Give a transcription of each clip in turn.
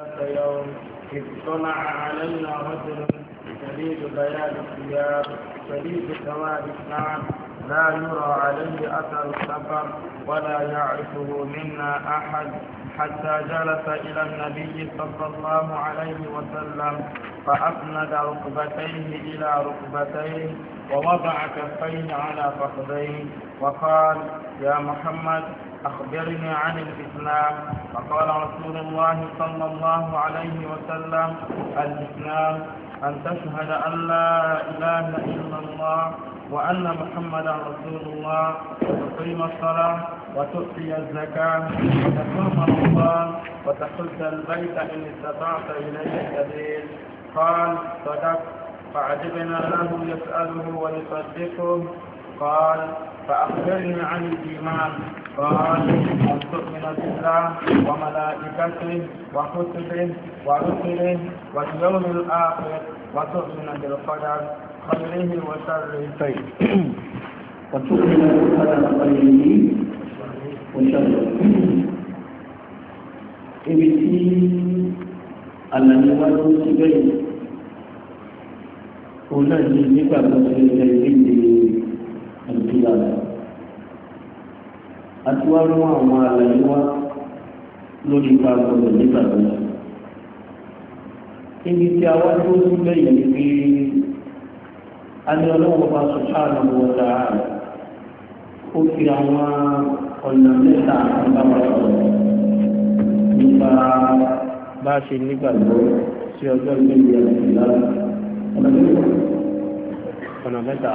ذات يوم إذ طلع علينا رجل شديد بياض الثياب شديد سواد الشعر لا يرى عليه أثر السفر ولا يعرفه منا أحد حتى جلس إلى النبي صلى الله عليه وسلم فأسند ركبتيه إلى ركبتيه ووضع كفيه على فخذيه وقال يا محمد أخبرنا عن الإسلام فقال رسول الله صلى الله عليه وسلم الإسلام أن تشهد أن لا إله إلا الله وأن محمدا رسول الله وتقيم الصلاة وتؤتي الزكاة وتصوم رمضان وتحج البيت إن استطعت إليه سبيل قال صدقت فعجبنا له يسأله ويصدقه قال فأخبرني عن الإيمان قال أن تؤمن بالله وملائكته وكتبه ورسله واليوم الآخر وتؤمن بالقدر خيره وشره خير وتؤمن بالقدر خيره وشره ibi tí àlàyé wa ló ti bẹ́ẹ̀ òun náà ní nígbà tó ṣe ṣe ìdíje ìlànà àti wá mú àwọn àlàyé wá lórí ipa gbọdọ̀ nígbà tó yẹ. ibi tí a wá tó sí lẹ́yìn ni pé a ní ọlọ́wọ́ bá subhanahu wa ta'ala ó fi àwọn ọ̀nà mẹ́ta àbáwá sọ̀rọ̀ nípa bá a ṣe nígbàgbọ́ sí ọjọ́ ìgbẹ́ni ọ̀nà mẹ́ta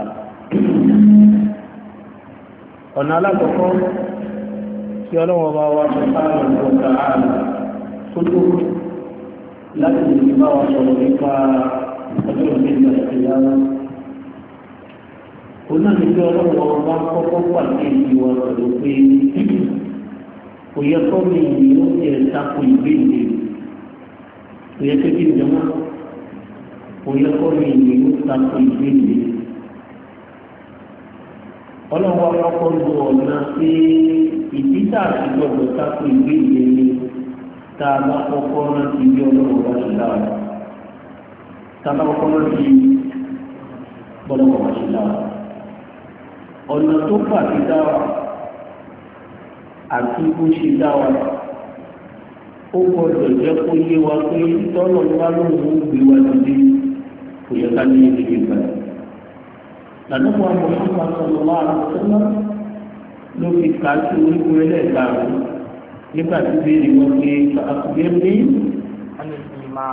ọ̀nà alákọ̀ọ́kọ́ tí ọlọ́wọ́ bá wá sọ fáwọn ọ̀gá ààrùn tó tó láti lè bá wa sọ̀rọ̀ nípa ọjọ́ ìgbésẹ̀ àti ìyáwó. onáníjọ́ ọlọ́wọ́ bá kọ́kọ́ pàdé ìwà pẹ̀lú pé kò yẹ kọ́ mi ìlú ẹ̀ tako ìbéèrè kò yẹ kébí ìjọba kò yẹ kọ́ mi ìlú tako ìbéèrè ọlọ́wọ́ ọkọ̀ lu ọ̀nà pé ìdíjà àti gbọdọ̀ tako ìwé ìlérí tá a bá kọ́kọ́ rántí bí ọlọ́wọ́ bá ṣe lára tá a bá kọ́kọ́ rántí bọ́lọ́wọ́ bá ṣe lára ọ̀nà tó fà sí dáwà àti bó ṣe dáwà ó gbọdọ̀ jẹ́ kó yé wa pé tọ́lọ̀ ń bá lóun ó gbé wa dìde kò yẹ ká ní ìdíje báyìí lànàmú àmọ̀fún àtọ̀nà wà lọ́sọ́nà ló fi kà á sí orígun ẹlẹ́ẹ̀karùn nígbà tí béèrè wọn pé àkùgbé ní àlùmíìmá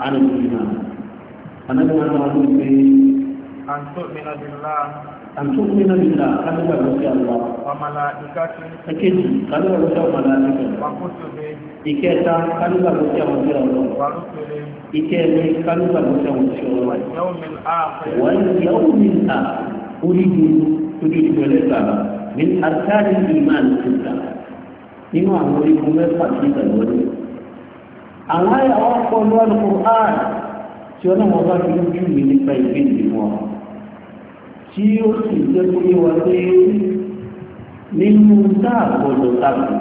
ànàmú àmọ̀fún pé. àǹtó mìíràn nílà kálíwà ló fi àlọ́. ọmọlá ìkáṣí. ẹ̀kejì kálíwà ló fi ọmọlá nígbà. wàkútùbí. ìkẹta kálíwà ló fi àwọn fi ọlọ. wàlúùtùbí. ìkẹrin kálíwà ló fi àwọn fi ọlọ. wàyí yàwó mi àpè. wàyí yàwó mi àpè oríṣi ojú ìjọlẹ̀ ìsàlá ní àtàrí ìmáà ní ìsàlá nínú àwọn orígun mẹ́fà sí ìgbàgbọ́ rẹ̀. àwọn àyàwó ọpọlọ alukur'an tí ọlọ́wọ́ bá fi ń jù mí nípa ìbéèrè wọn tí ó sì jẹ́ pé wọ́n pé nínú dáàbọ̀dọ̀ tàbí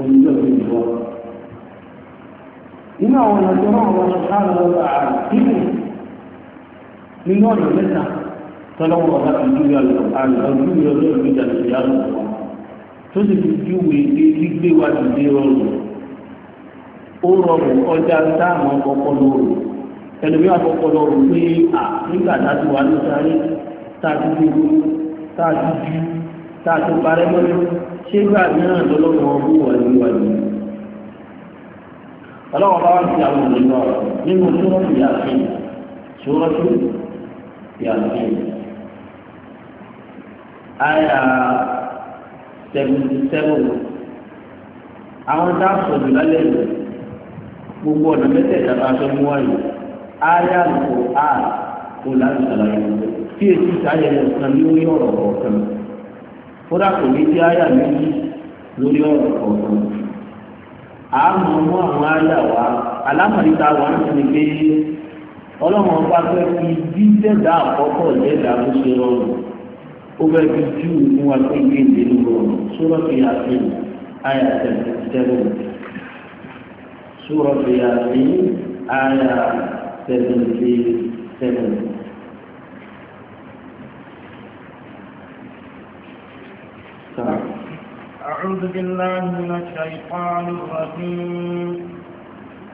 oníjọ́bí ìbọn. nínú àwọn ọ̀nà tí wọ́n wọ́n sọ̀rọ̀ àwọn ọ̀rọ̀ àdínù nínú ọ̀nà mẹ́ta tọ́lọ́wọ́ ọ̀gá ti dúró àlọ́ àlọ́ dúró ọlọ́run ìjà lè yá lọ wá tó sì fi júwe dé gbígbé wa ti dé rọrùn ó rọrùn ọjà táàmù ọkọ̀ lóru ẹlòmí àkọ́kọ́ lọ́rùn pé à nígbà tá a ti wà ní sáré tá a ti dúró tá a ti ju tá a ti àyà seventy seven àwọn tá a sọ jù lálẹ́ yìí gbogbo ọ̀nà mẹ́tẹ̀ẹ̀ta bá a fẹ́ mú wáyé àyà kò á kò láti tí èsì ìsáyẹ̀wò kan ní orí ọ̀rọ̀ kọ̀ọ̀kan kò ní méjì lórí ọ̀rọ̀ kọ̀ọ̀kan àmọ́ mú àwọn àyà wa alámọ̀lítà wa ń sinmi pé fẹ́ fi àkọ́kọ́ ó bẹ fi júù fún wa pé ìwé ìdènú rọrùn sọ̀rọ̀ fi àfihàn àyà tẹ̀síntẹ́rù sọ̀rọ̀ fi àfihàn àyà tẹ̀síntẹ́rù. أعوذ بالله من الشيطان الرجيم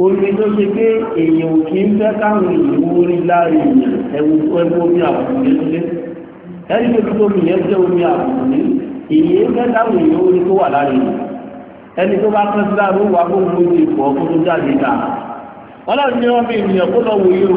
omi tó ṣe pé èèyàn ò kí ń fẹ́ káwọn èèyàn orí lára èèyàn ẹ̀wù ẹ̀wù omi àbùkù nílé ẹ̀rí tó ti tóbi yẹn jẹ́ omi àbùkù ní èèyàn fẹ́ káwọn èèyàn orí tó wà lára èèyàn ẹni tó bá kẹ́ sí lára wà fún omi ti pọ̀ kó tó jáde dáa ọlọ́run ní wọ́n fi ènìyàn kó lọ wòye o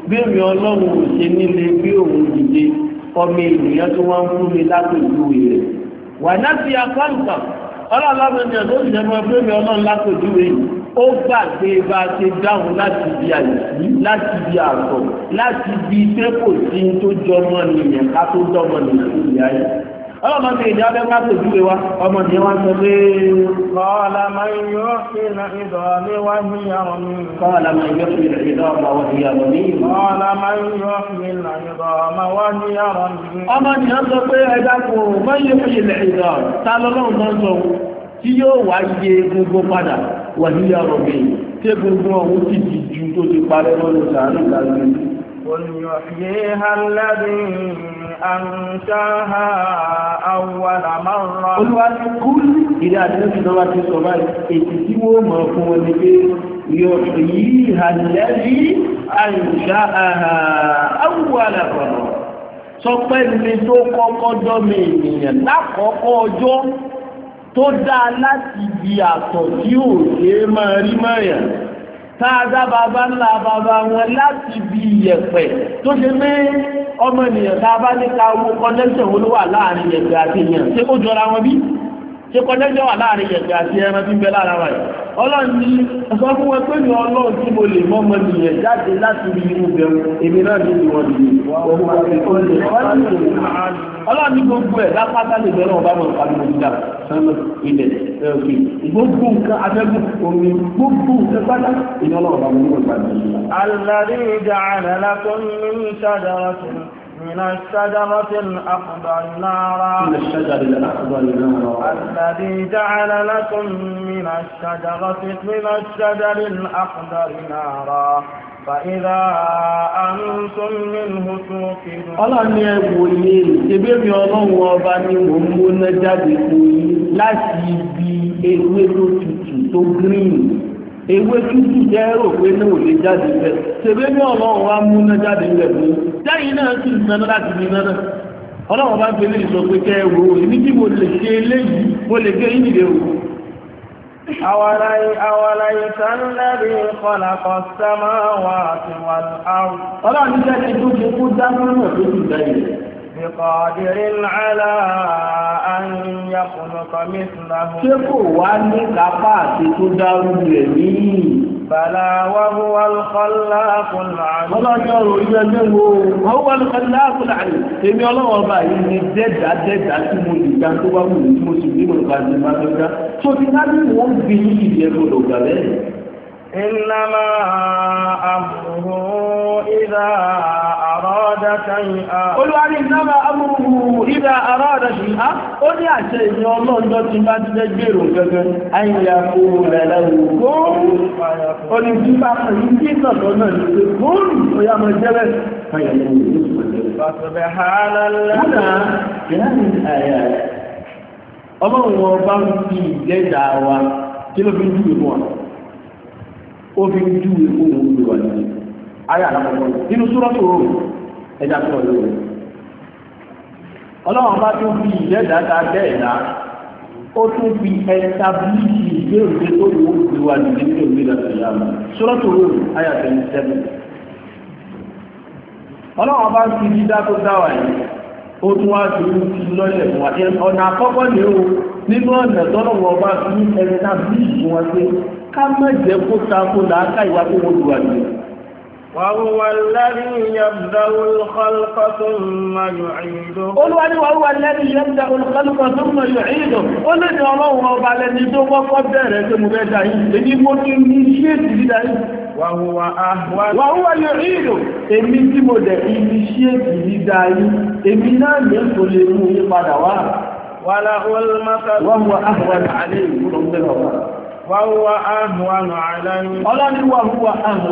bẹ́ẹ̀ni ọlọ́run ò ṣe nílé bí òun dìde ọmọ ènìyàn tó wá ń fún mi látòjúwe rẹ̀ wà láti akọ́ǹkà ọlọ́run ní ọdún ìjọba máa bẹ́ẹ̀ni ọlọ́run látòjúwe yìí ó gbàgbé bá a ṣe dáhùn láti di àyè láti di àtọ̀ láti di pé tó jọmọ nìyẹn ká tó jọmọ nìyẹn ọlọ́mọ mi ìdí abẹ́ ká tó júwe wa ọmọ ní wá sọ pé. kọ́ọ̀lá máa ń yọ fìlà ìdọ̀ ní wá ní ìyàwó mi. kọ́ọ̀lá máa ń ní ọmọ wá ní ìyàwó mi. ọmọ ní wọ́n sọ pé ẹja kò máa ń yọ fìlà ìdọ̀ ta lọ́lọ́run máa ń sọ tí yóò wá yé gbogbo padà wà ní ìyàwó mi tí gbogbo ọ̀hún ti di ju tó ti parẹ́ lọ́dún أنشاها أول مرة olúwa ti kú ìdí àdéhùn tó wá ti sọ báyìí يحييها الذي أنشأها أول مرة sọ mi tó kọ́kọ́ dọ́mi ènìyàn lákọ̀ọ́kọ́ ọjọ́ tó dáa láti di àtọ̀ tí ò ṣe sáadá bàbá ńlá bàbá wọn láti bí iyẹ̀pẹ̀ tó ṣe pé ọmọ ènìyàn tá a bá ní ká owó kọ́ndẹ́sẹ̀ olówó àláàrin iyẹ̀pẹ̀ àti èèyàn ṣé kó jọra wọn bí ṣe kọjẹ́jọ́ wà láàrin yẹ̀gbẹ̀ àti ẹran tí ń bẹ lára wa yìí ọlọ́run ní ọ̀sọ́ fún wọn pé ní ọlọ́run tí mo lè mọ́mọ nìyẹn jáde láti rí inú bẹ̀rù èmi náà ní ìwọ̀n nìyẹn ọlọ́run ní gbogbo ẹ̀ lápáta lè bẹ̀rẹ̀ ọba mọ̀ nípa gbogbo ìjà sánmọ̀ ilẹ̀ ẹ̀fì gbogbo nǹkan abẹ́gùn omi gbogbo nǹkan pátá ìyọ́nà ọba mọ̀ nípa gbogbo ìjà. من الشجرة الأخضر نارا من الشجر الأخضر نارا الذي جعل لكم من الشجرة من الشجر الأخضر نارا فإذا أنتم منه توقدون ọlọ́run ni ẹ wò yé ṣebí mi ọlọ́run ọba ni mò ń múná jáde fún yín láti ibi ewé tó tutù tó green ewé tútù jẹ́ rò pé náà ò lè jáde bẹ́ẹ̀ ṣebí mi ọlọ́run wa múná jáde bẹ́ẹ̀ fún dáyìn náà sì nànú láti ní nànú ọlọ́wọ́n bá ń pè ní ìsọ̀pẹ́ kẹ́ ẹ wò ó èmi tí mo lè ṣe eléyìí mo lè gbé yín nìyẹn o. أوليس الذي خلق السماوات والأرض ọlọ́run jẹ́ ti tó ti kú dámọ́nà tó ti bẹ̀rẹ̀. بقادر على أن يخلق مثله. ṣé kò wá ní kápá àti tó dárú rẹ̀ níyì? Bàlá wá bó wá lọ́láàkùn láàrin. Ọlọ́jọ́ ọ̀rọ̀ ilé ẹgbẹ́ wo, wọ́n wá lọ́láàkùn láàrin. Èmi ọlọ́wọ́ ọba yìí ni dẹ́dà dẹ́dà tí mo lè ga tó bá àrọ́dá ṣáyìn á. olùwárí náà amúhù ìdá àrọ́dá ṣáyìn á ó ní àṣẹ ìyẹn ọlọ́ọ̀dọ́ ti bá ti fẹ́ gbèrò gẹ́gẹ́ àyìnlá kó rẹ̀lẹ́ wò ó. ó ní bí bá kàn ní bí ìtọ̀tọ̀ náà ní pé bóòlù ó yá máa jẹ́ bẹ́ẹ̀. ọlọ́run ọba ń fi ìdẹ́dà wa kí ló fi ń dúró fún wa ó fi ń dúró fún òun gbé wa nínú ayé àlàkọ̀kọ̀ nínú súrọ́tò rò ẹja tó lò ọlọ́run bá tún fi ìdẹ́dá ta dẹ́ẹ̀dá ó tún fi ẹta bíìsì ìbéèrè tó lò ó ti wà nílé tó lè lọ sí yàrá sọ́rọ́tò lóru ayà tẹ̀lé sẹ́mi ọlọ́run bá fi dídá tó dá wà yìí ó tún wá sí orí ti lọ́lẹ̀ fún wa ọ̀nà àkọ́kọ́ ni ó nínú ọ̀nà tọ́lọ̀ wọn bá fi ẹta bíìsì wọn pé ká má jẹ́ kó ta kó làákà ìwà tó wọ́n lù wà nílé. وهو الذي يبدأ الخلق ثم يعيده قل أن وهو الذي يبدأ الخلق ثم يعيده قل أن الله بعد أن يتوقف قدر مبدأ إني ممكن نشيت وهو أهون وهو يعيده èmi tí mo dẹ̀ iníṣíètì dídá yín èmi náà ní kò lè mú yín padà wá. wàhùwà àhùwà nù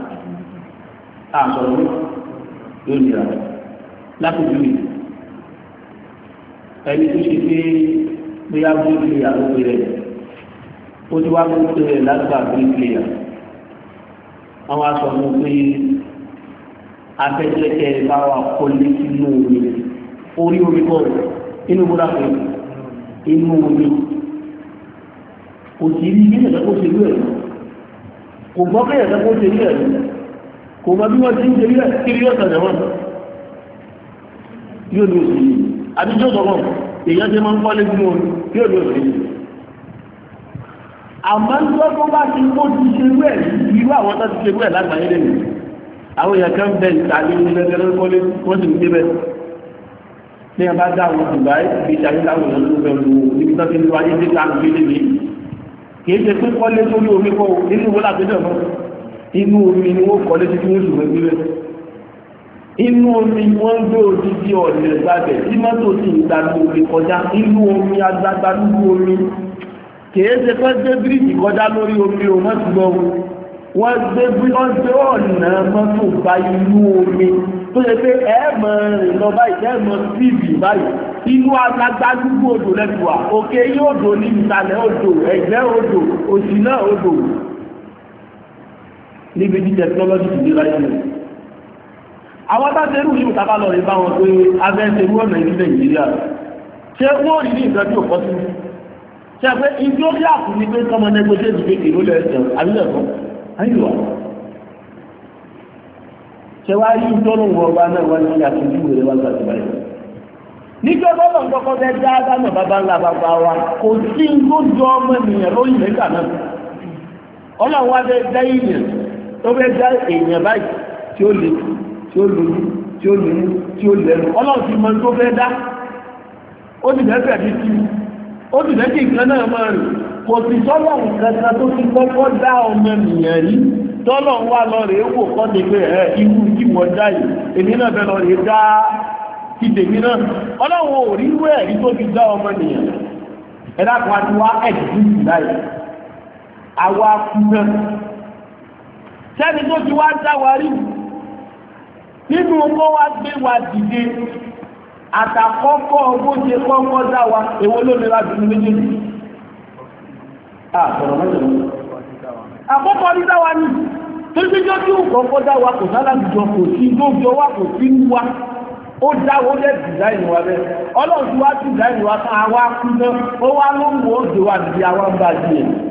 àtọ̀rọ̀ yóò nira lápòjú mi ẹni tó ṣe pé bóyá bíríkìlìyà ló pe rẹ̀ ó ti wá fún pé rẹ̀ lágbà bíríkìlìyà àwọn aṣọ mi pé afẹ́jẹ́kẹ́ bá wà kọ́lé sínú omi orí omi bọ̀ inú búra pé inú omi kò sí ilé ìgbésẹ̀ tó ṣe lú ẹ̀ kò gbọ́ pé ẹ̀sẹ̀ kó ṣe lú ẹ̀ lọ kò mọ bí wọ́n ti ń jẹ́rí kiri yóò tẹ̀lé wọn yóò ní òsì yìí àbíjọ́ sọ̀rọ̀ èèyàn ti máa ń kọ́lé fún wọn yóò ní òsì yìí àmọ́ ń tọ́ tó bá ti kó ti ṣe wẹ̀ irú àwọn tó ti ṣe wẹ̀ lágbàáyé lẹ́nu àwọn èèyàn kan bẹ ìtàlẹ́ onílẹ̀kẹ́lẹ́ kọ́lé wọ́n sì ń gbé bẹ́ẹ̀ ní a bá dá àwọn Dubai bí ìṣàlẹ̀ táwọn èèyàn tó bẹ̀rù níbi tó ti ń lo ayé dé tá à ń gbé lé mi kì í ṣe pé kọ́lé tó ní omi kọ́ nínú ìwé làbẹ́dẹ̀ mọ́ inú omi ni wọ́n kọ́ létí tí wọ́n sùn gbẹ́gbẹ́ rẹ̀ inú omi wọ́n ń gbé odidi ọ̀nà ìgbàgbẹ́ tí mọ́tò sì ń gba omi kọjá inú omi agbágbá nínú omi kìí ṣe pé gbé bíríìjì kọjá lórí omi o mọ́tò lọ wọ́n gbé ọ̀nà mọ́tò gba inú omi tó yẹ pé ẹ̀ẹ́mọ̀ rìn lọ báyìí ẹ̀ẹ́mọ̀ bíbì báyìí inú alágbádúgbò odò lẹ́tùwà òkè yóò dò ní ìsàlẹ̀ odò ẹ̀gbẹ́ odò òsì odò níbi tí technology ti dé láyé rẹ̀ àwọn atáṣerú yìí tàbá lọ rí bá wọn pé abẹ́ṣe wọ́n náà ní nàìjíríà ṣé wọ́n rí ní ìtọ́jú òkọ́ sí ṣe pé ìjọ bí àkú ni pé kọ́mọ nẹgbẹ́ṣẹ́ ti pé èrò lẹ́sẹ̀ àbílẹ̀ kan ayélujára ṣe wá rí ìjọ́nù wọn ọba náà wá ní àtúntò ìwé wá gbàgbé báyìí níjọ bọ́lọ̀ kọ́kọ́ fẹ́ dá dáná bàbá ńlá bàbá wa kò sí ń tó ọmọ ènìyàn lóyìn nígbà náà ọlọ́run wá fẹ́ dá ìyẹn o dá èèyàn báyìí tí ó lè tí ó lòyún tí ó lẹ́nu ọlọ́run ti mọ tó fẹ́ dá ó sì fẹ́ fẹ́ bí ó náà máa rìn kò sì nǹkan tó ti kọ́kọ́ dá ọmọ nìyẹn rí tọ́lọ̀ ń lọ rèé wò kọ́ ti pé ẹ irú kí dá yìí èmi náà fẹ́ lọ rèé dá ti tèmi náà ọlọ́run ò rí fi dá ọmọ nìyẹn sẹ́ni tó ti wá dáwárí nínú kó wá gbé wa dìde àtàkọ́kọ́ bó ṣe kọ́kọ́ dá wa èwo ló lè láti ní méjèèjì. àtọ̀rọ̀ mẹ́jọ ni. àkọ́kọ́ ní dá wa ni tóbi tó tí ò kọ́kọ́ dá wa kò sálàjọ kò sí tó fi ọwá kò sí ń wa ó dáwó lẹ́ dìzáìnì wa bẹ́ẹ̀ ọlọ́run ti wá dìzáìnì wa kan àwa kú náà ó wá ló ń wo òjò wa nìyí àwa ń bá a di yẹn.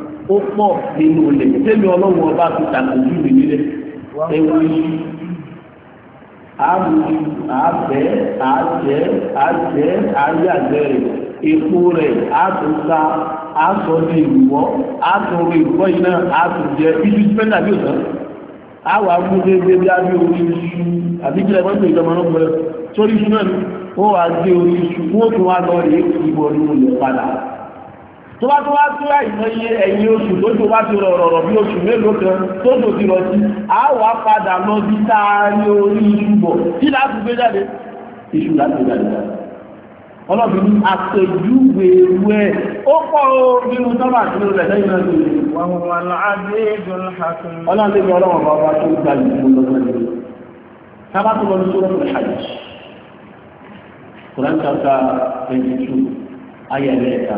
ó pọ̀ nínú olè tẹ́mi ọlọ́run ọba fi tàkùjú mi nílẹ̀ ẹ̀wù yìí àmì àbẹ́ àjẹ́ àjẹ́ àyàjẹ́ rẹ̀ epo rẹ̀ àtúnṣà àtọ́jú ìrùwọ́ àtúnrò ìrùwọ́ yìí náà àtúnjẹ iṣu spẹ́ndà bí òtán àwọn amúlé bébí abí orí iṣu àbíjẹ́ ẹgbẹ́ ìjọba náà gbọ́dọ̀ sórí iṣu náà ó wàá gbé orí iṣu wọ́n tún wá lọ rèé ìbọn ní olè padà tó bá tó wá tó àìmọye ẹ̀yìn oṣù tó tó bá ti rọ̀rọ̀ bí oṣù mélòó kan tó tó ti rọ̀ sí a wà padà lọ bí táàrí orí iṣu bọ̀ kí láti gbé jáde iṣu láti gbé jáde ọlọ́bìn ní àpèjúwe ewé ó pọ̀ nínú tọ́lá àti nínú rẹ̀ lẹ́yìn náà lórí. wàhùn aláàbẹ̀ẹ́dùn hàkùn. ọlọ́run ní ọlọ́run tó gba ìlú lọ́gbọ́n ní. sábà tó lọ ní sọ́dọ̀ tó ṣàjù. Quran chapter twenty ayẹyẹ ẹ̀ka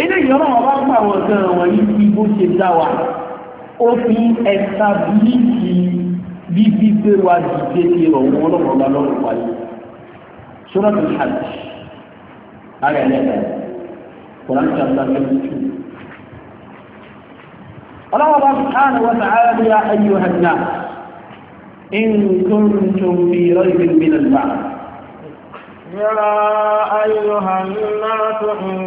ilé ìyọ́nà wọn bá gbà wọn gan wọn yìí fi bó ṣe dá wa ó fi ẹ̀ka bíìsì bíbí gbé wa dìde ti rọ̀ wọn lọ́wọ́ wáyé sọ́dọ̀ tó ṣàlùs ara ẹ̀ lẹ́ka kọ́lá ń ṣe tó ọlọ́wọ́ bá sùhánù wọn sàárà bí i ayé wọn náà إن كنتم في ريب من البعث يا أيها الناس إن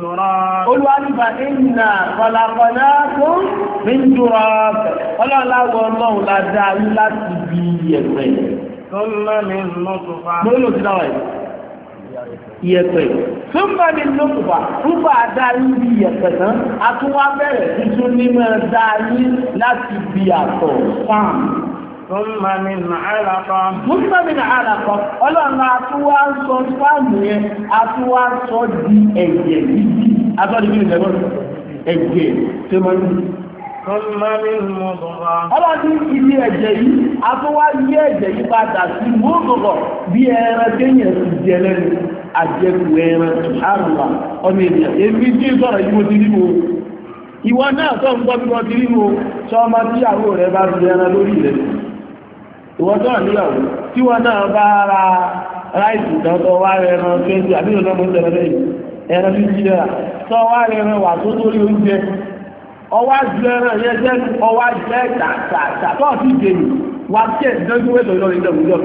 turab. olùwàlùfà ìnà kọlàkọlà fún mi ń dúró ọlọ́láwọ ọlọ́run la dá ayé láti bí ìyẹ̀pẹ̀. sọ́nà mi ń lọ tó fa. mo lò sí dáwọ̀ yìí. ìyẹ̀pẹ̀. sọ́nà mi ń bí ìyẹ̀pẹ̀ tán. a tún wá bẹ̀rẹ̀ tuntun ní mọ̀ dá láti bí àtọ̀ fáàmù. Súnmọ́ mi nà àlàkọ́. Súnmọ́ mi nà àlàkọ́. Ọlọ́run àtúwá ń sọ fáàmù yẹn, àtúwá sọ di ẹ̀jẹ̀ yìí. ẹ̀jẹ̀ tó máa ń Ọlọ́run di ẹ̀jẹ̀ yìí, yí ẹ̀jẹ̀ yìí padà sí bí ẹran jẹ lẹ́nu. Àjẹkù ẹran ọmọ ènìyàn. Èmi tí ń sọ̀rọ̀ yìí mo ti ìwọ náà ń gbọ́ bí ti sọ ọmọ tí àwọn ìwọ náà níyàwó tí wọn náà bá ra ráìsì kan tó wá rẹ ẹran twenty àbí ìrọ̀lẹ́ mo ń tẹ̀lé lẹ́yìn ẹran fifty naira tó wá rẹ ẹran wà tó tó rí oúnjẹ ọwọ́ àjù ẹran yẹn jẹ́ ọwọ́ àjù ẹ̀ tàtàtà tó ọ̀sì ìdèmí wà á tiẹ̀ dánjú wẹ́tọ̀ lọ́rọ̀ ìdánwò lọ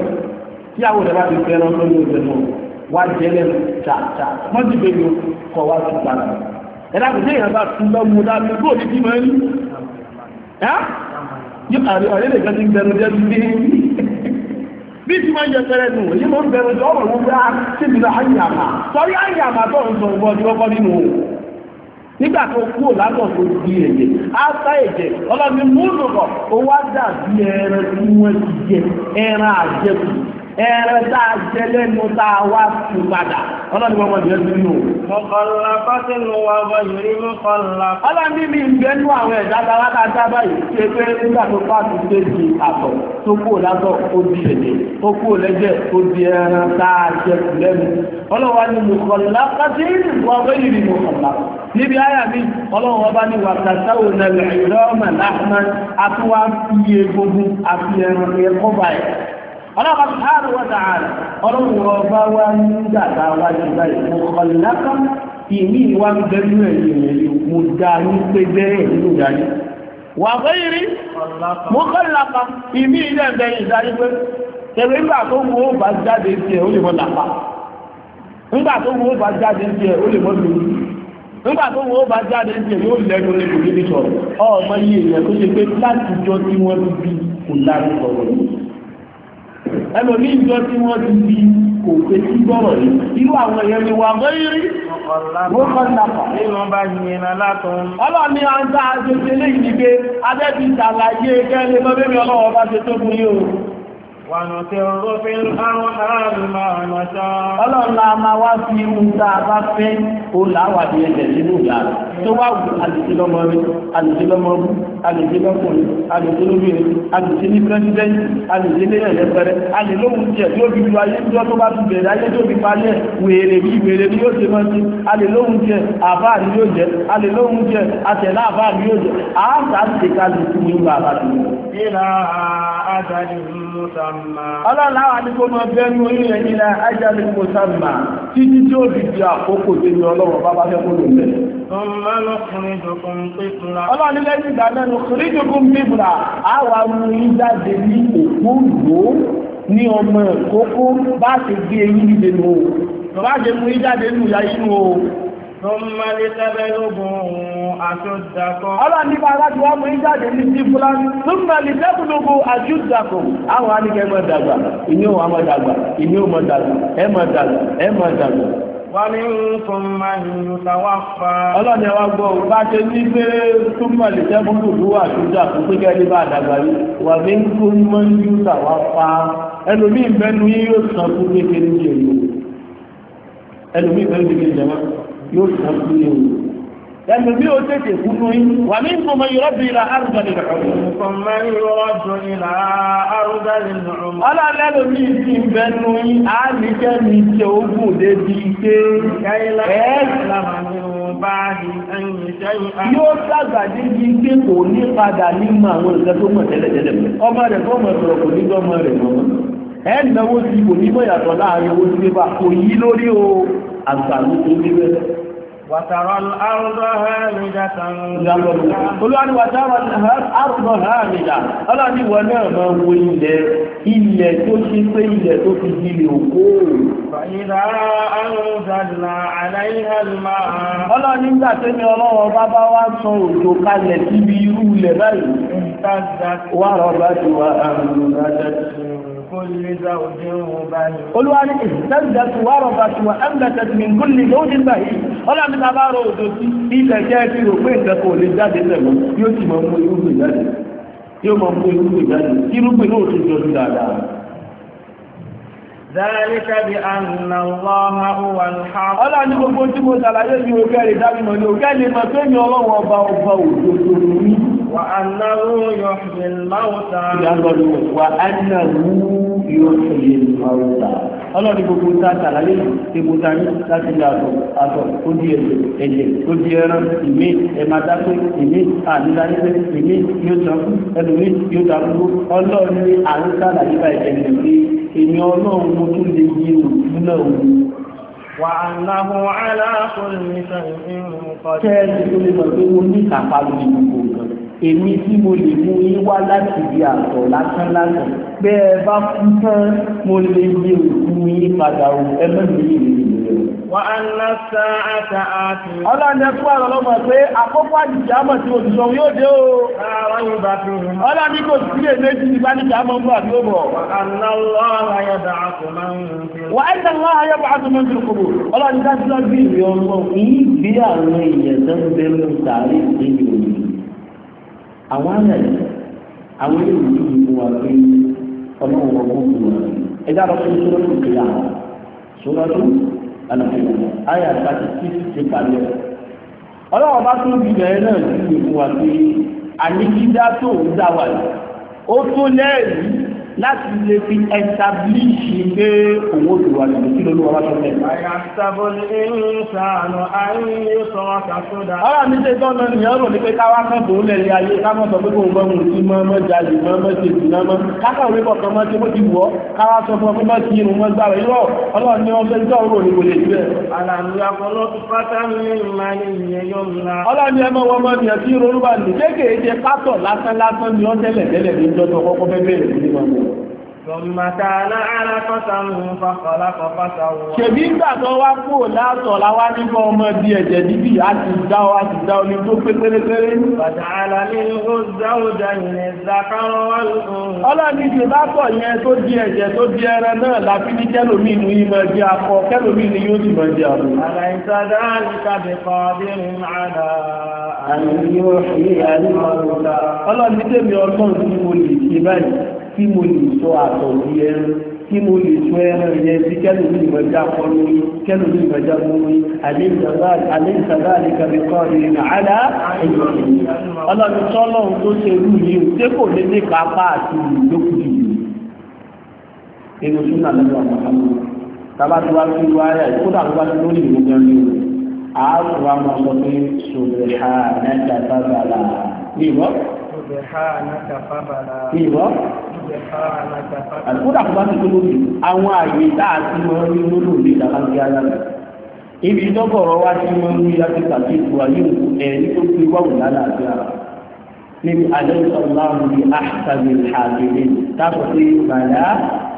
tí àwọn ọ̀dọ́ bá ti fẹ́ ẹran lórí oúnjẹ náà wà á jẹ́ lẹ́nu tàtà mọ́tì bẹ́ẹ̀ ló kọ́ wá sí gbàgbà ẹ̀dá kò sẹ́yìn àbá tún bá mú dáa lóko ní kí máa ń rí ọ̀rẹ́ nìkan ti ń bẹnu jẹ́ bí ti máa ń jẹ tẹ́rẹ nù ní mo ń bẹ̀rẹ̀ tó ọ̀rọ̀ wọn bá síbi ah, lọ àyàmà sọrí àyàmà tó ń sọ ìwọ ọdún ọkọ nínú nígbà tó kú ò tó di ẹ̀jẹ̀ ẹ̀jẹ̀ ọlọ́ni ó wá dà bí ẹran tí wọ́n ti ẹran tá a jẹ lẹ́nu tá a wá tu padà ọlọ́ni wọn mọ̀jẹ́ sí nù. mọ̀kànlá wà mọ̀kànlá. mi ń àwọn ẹ̀dá tá a báyìí pé nígbà tó bá ti dé di àtọ̀ tó kú ó di èdè ó kú ó di ẹran tá a jẹ kù lẹ́nu. ọlọ́wà ni mọ̀kànlá wà mọ̀kànlá. níbi mi ní ọlọ́run subhanahu wa ta'ala ọlọ́run ọba wa ń dàgbà wá ní báyìí mo khalaqa ìmí wa ń bẹ nínú ẹ̀yìn ẹ̀yìn mo dá ní pé bẹ́ẹ̀ nínú ìdájí wà fẹ́yìrí mo khalaqa ìmí ilé ẹ̀bẹ̀ ìdájí pé tẹ̀wé ńgbà tó wo bá jáde tiẹ̀ ó lè mọ làpá ńgbà tó wo bá jáde tiẹ̀ ó lè mọ lòlù nígbà tó wọ́n bá jáde ní ẹ̀yọ́ lẹ́nu ní níbi sọ̀rọ̀ ọmọ yìí èèyàn tó ṣe pé látijọ́ tí wọ́n bí kò lárúkọ rẹ̀ ẹlòmí ìjọ tí wọ́n ti fi kò pé sí gbọ́rọ̀ yìí irú àwọn èèyàn ni wà mọ́yìrì wọ́n kọ́ lápá. ìwọ̀n yìnyín látún. ọlọ́ọ̀ni à ń ta àjọṣe léyìí ni pé adẹ́bí ṣàlàyé ọlọ́wọ́ bá ṣe tó fún o. wànùtẹ̀rọ fi àwọn àrùnmà àmàta. ọlọ́run a máa wá fi ohun tá a bá fẹ́ ó láwàdí ẹ̀jẹ̀ sínú ìyá rẹ̀ tó wá wù àdìsílọ́mọ rẹ̀ àdìsílọ́mọrú àdìsílọ́kùnrin àdìsílóbìnrin àdìsílí pírẹ́sidẹ́ntì àdìsílé ẹ̀yẹ́pẹ̀rẹ́ àdìlóhùn tiẹ̀ tí ó fi lu ayé tó tó bá ti bẹ̀rẹ̀ ayé tó fi palẹ̀ wèrè bí wèrè bí yóò ṣe máa ti àdìlóhùn tiẹ̀ àbá àdìlóhùn tiẹ̀ àdìlóhùn tiẹ̀ àtẹ̀lá àbá àdìlóhùn tiẹ̀ ìlà ajalin musamma. ọlọ́run àwọn àdúgbò máa bẹ́nu ilẹ̀ ìlà ajalin musamma títí tí ó fi di àkókò tó ní ọlọ́run bá bá fẹ́ kó lò bẹ́ẹ̀. ọlọ́run lẹ́yìn ìgbà pípùlà àwa mú yín jáde ní òkú ìlú ní mú yín jáde nù Ọlọ́ni bá aláti wá mú ìjáde ní sí Fúlání, túnbà lè tẹ́bùlùgbò àjúdàkò, àwọn àníkẹ́ mọ̀ dàgbà, ìní ò mọ̀ dàgbà, ìní ò mọ̀ dàgbà, ẹ mọ̀ dàgbà, ẹ mọ̀ dàgbà. Wà ní nǹkan máa ń yùn tàwa fa. Ọlọ́ni wa gbọ́, bá ṣe ní pé túnbà lè tẹ́bùlùgbò àjúdàkò pé kẹ́lí bá dàgbà rí, wà ní nǹkan máa ń yùn yóò sọ fún yẹn o. Ẹnu bí o tètè kúnú yín, wà ní nkùnmọ yọrọ bí ilà arúgbó ni lọ́wọ́. Nkùnmọ yọrọ bí ilà arúgbó ni lọ́wọ́. Ọlọ́lẹ́ ló ní ìdí ìbẹ́ nu yín, á ní kẹ́ mi ṣe ogún débi ike. Ẹ yóò dàgbà débi ike kò ní padà nínú àwọn ìgbésẹ̀ tó mọ̀ tẹ́lẹ̀tẹ́lẹ̀ mọ́. Ọmọ rẹ̀ tó mọ̀ sọ̀rọ̀ kò ní gbọ́mọ rẹ̀ mọ́. Ẹ náwó ti kò ní mọ̀ yàtọ̀ láàrin owó tí àgbàdo tó ní bẹ́ẹ̀. Wàtàrà àrùdọ̀ hàmìdà kan. Olúwàní wàtàrà àrùdọ̀ hàmìdà. Ọlọ́ni wọ náà máa wo ilẹ̀ ilẹ̀ tó ṣe pé ilẹ̀ tó fi jìlẹ̀ òkú. Fàyídà àrùdàlà àláìhàlmà. Ọlọ́ni ń gbàtẹ́ mi ọlọ́wọ́ bá bá wá sọ òjò kalẹ̀ síbi irú ilẹ̀ báyìí. Wà rọ̀ bá ti wà àrùn olúwa ní ìsẹ́ǹdà tí wà rọ̀ bàtí wà ẹ̀ǹdàtà tí mi gúnlẹ̀ yóò dín báyìí ọlọ́run ta bá rọ òdò sí ilẹ̀ jẹ́ ti rò pé nǹkan kò lè jáde lẹ̀mọ́ yóò ti mọ̀ mú irúgbìn jáde yóò mọ̀ mú irúgbìn jáde irúgbìn náà ti jọ Dáríkà bí ànà lọ́ha wà lọ́ha. Ọlá ní gbogbo tí mo ṣàlàyé ní ogẹ́ rẹ̀ dábìmọ̀ ní ogẹ́ lè mọ̀ pé mi ọlọ́wọ́ ọba ọba òdodo ní. Wà á ná rú yọ ṣe máwùtà. Ìyàgbọ́dọ̀ wà á ná rú yọ ṣe máwùtà. Ọlá ní gbogbo tá a ṣàlàyé tí mo ta ní láti ní àtọ̀ àtọ̀ tó di ẹ̀jẹ̀ ẹ̀jẹ̀ tó di ẹran ìmí ẹ̀ma dápé ìmí àdídánípé ìmí yóò takú ẹlòmí yóò takú ọlọ́ọ̀ni à ń ṣàlàyé báyìí ẹ̀jẹ̀ pé èmi ọlọ́run mo tó lè yí òjú náà wò. wà á náwó aláàkóso ní sẹ́yìn nínú kọ́dí. kẹ́ẹ̀sì lè mọ̀ mo ní ìtàpá lórí gbogbo nǹkan èmi tí mo lè mú yín wá láti Ọlọ́dẹ fún àrọ̀ lọ́mọ pé àkọ́kọ́ àdìjàmọ̀ tí òṣìṣọ́ yóò dé o. Ọlọ́dẹ kò sí lè méjì ní bádìjàmọ̀ ń bọ̀ àti bọ̀. Wà á ṣe ńlá ayé bá tó dájú lọ bí ọmọ yìí bí àwọn èèyàn tó ń bẹ sàárè sí Àwọn àwọn wa pé ọlọ́run Ẹ alùpùpù àyà àti tí ti parí ẹ̀. ọlọ́run bá tún bí bẹ̀rẹ̀ náà ti lè fún wa pé àníkídá tó ń dá wa ó tún lẹ́ẹ̀rí láti lè fi ẹ̀tàbílíṣì pé owó ìwà ìlú kí lórí ọlá ṣẹlẹ̀. ọ̀rọ̀ mi ṣe tán náà nìyẹn rò ní pé káwá kan tó lẹ̀ lé ayé ká mọ̀ sọ pé kò mọ̀ mú sí mọ́ mọ́ jáde mọ́ mọ́ ṣe sí náà mọ́ kákàwé bọ̀ kan mọ́ tí mo ti wọ̀ káwá sọ fún ọ mọ́ ti irun mọ́ gbàrẹ̀ irọ́ ọlọ́run ni wọ́n fẹ́ tọ́ rò ní kò lè jù ẹ̀. ọlọ́run ẹ mọ̀ wọ́n mọ́ ni ẹ̀ tí mọ́ ṣèbí ńgbà tó wá kúrò látọ̀ láwá nípa ọmọ di ẹ̀jẹ̀ dídì á ti dá ọ á ti dá ọ ní tó pé pérépéré. bàtà àlàní ó dáwọ́dà ìrìn ìzàkárọ̀ wà lóhùn. ọlọ́ni ti bá pọ̀ yẹn tó di ẹ̀jẹ̀ tó di ẹran náà láti ọlọ́run tí mo lè ṣe báyìí tí mo lè sọ àtọ̀ di ẹran tí mo lè sọ ẹran yẹn bí kẹ́lù ní ìmọ̀já kọ́ lórí kẹ́lù ní ìmọ̀já lórí àléǹsàbá àlékàbí kọ́ ìrìn àlá ọlọ́run tọ́lọ́run tó ṣe rú yìí ṣé kò lè ní kápá àti ìlú gan ni o àá tó wá máa ìwọ́ àkúrà kúbá ti tó lórí àwọn àyè táà ti mọ́ ní lórí òní ìdàkàndé alága ibi ìdọ́gọ̀rọ̀ wá sí mọ́ ní láti tàbí ètò ayé òkú ẹ̀ ní tó fi wáwù lálàáfíà níbi àdéhùn ọlọ́run ní àṣàbí àgbèrè tábọ̀ sí bàdá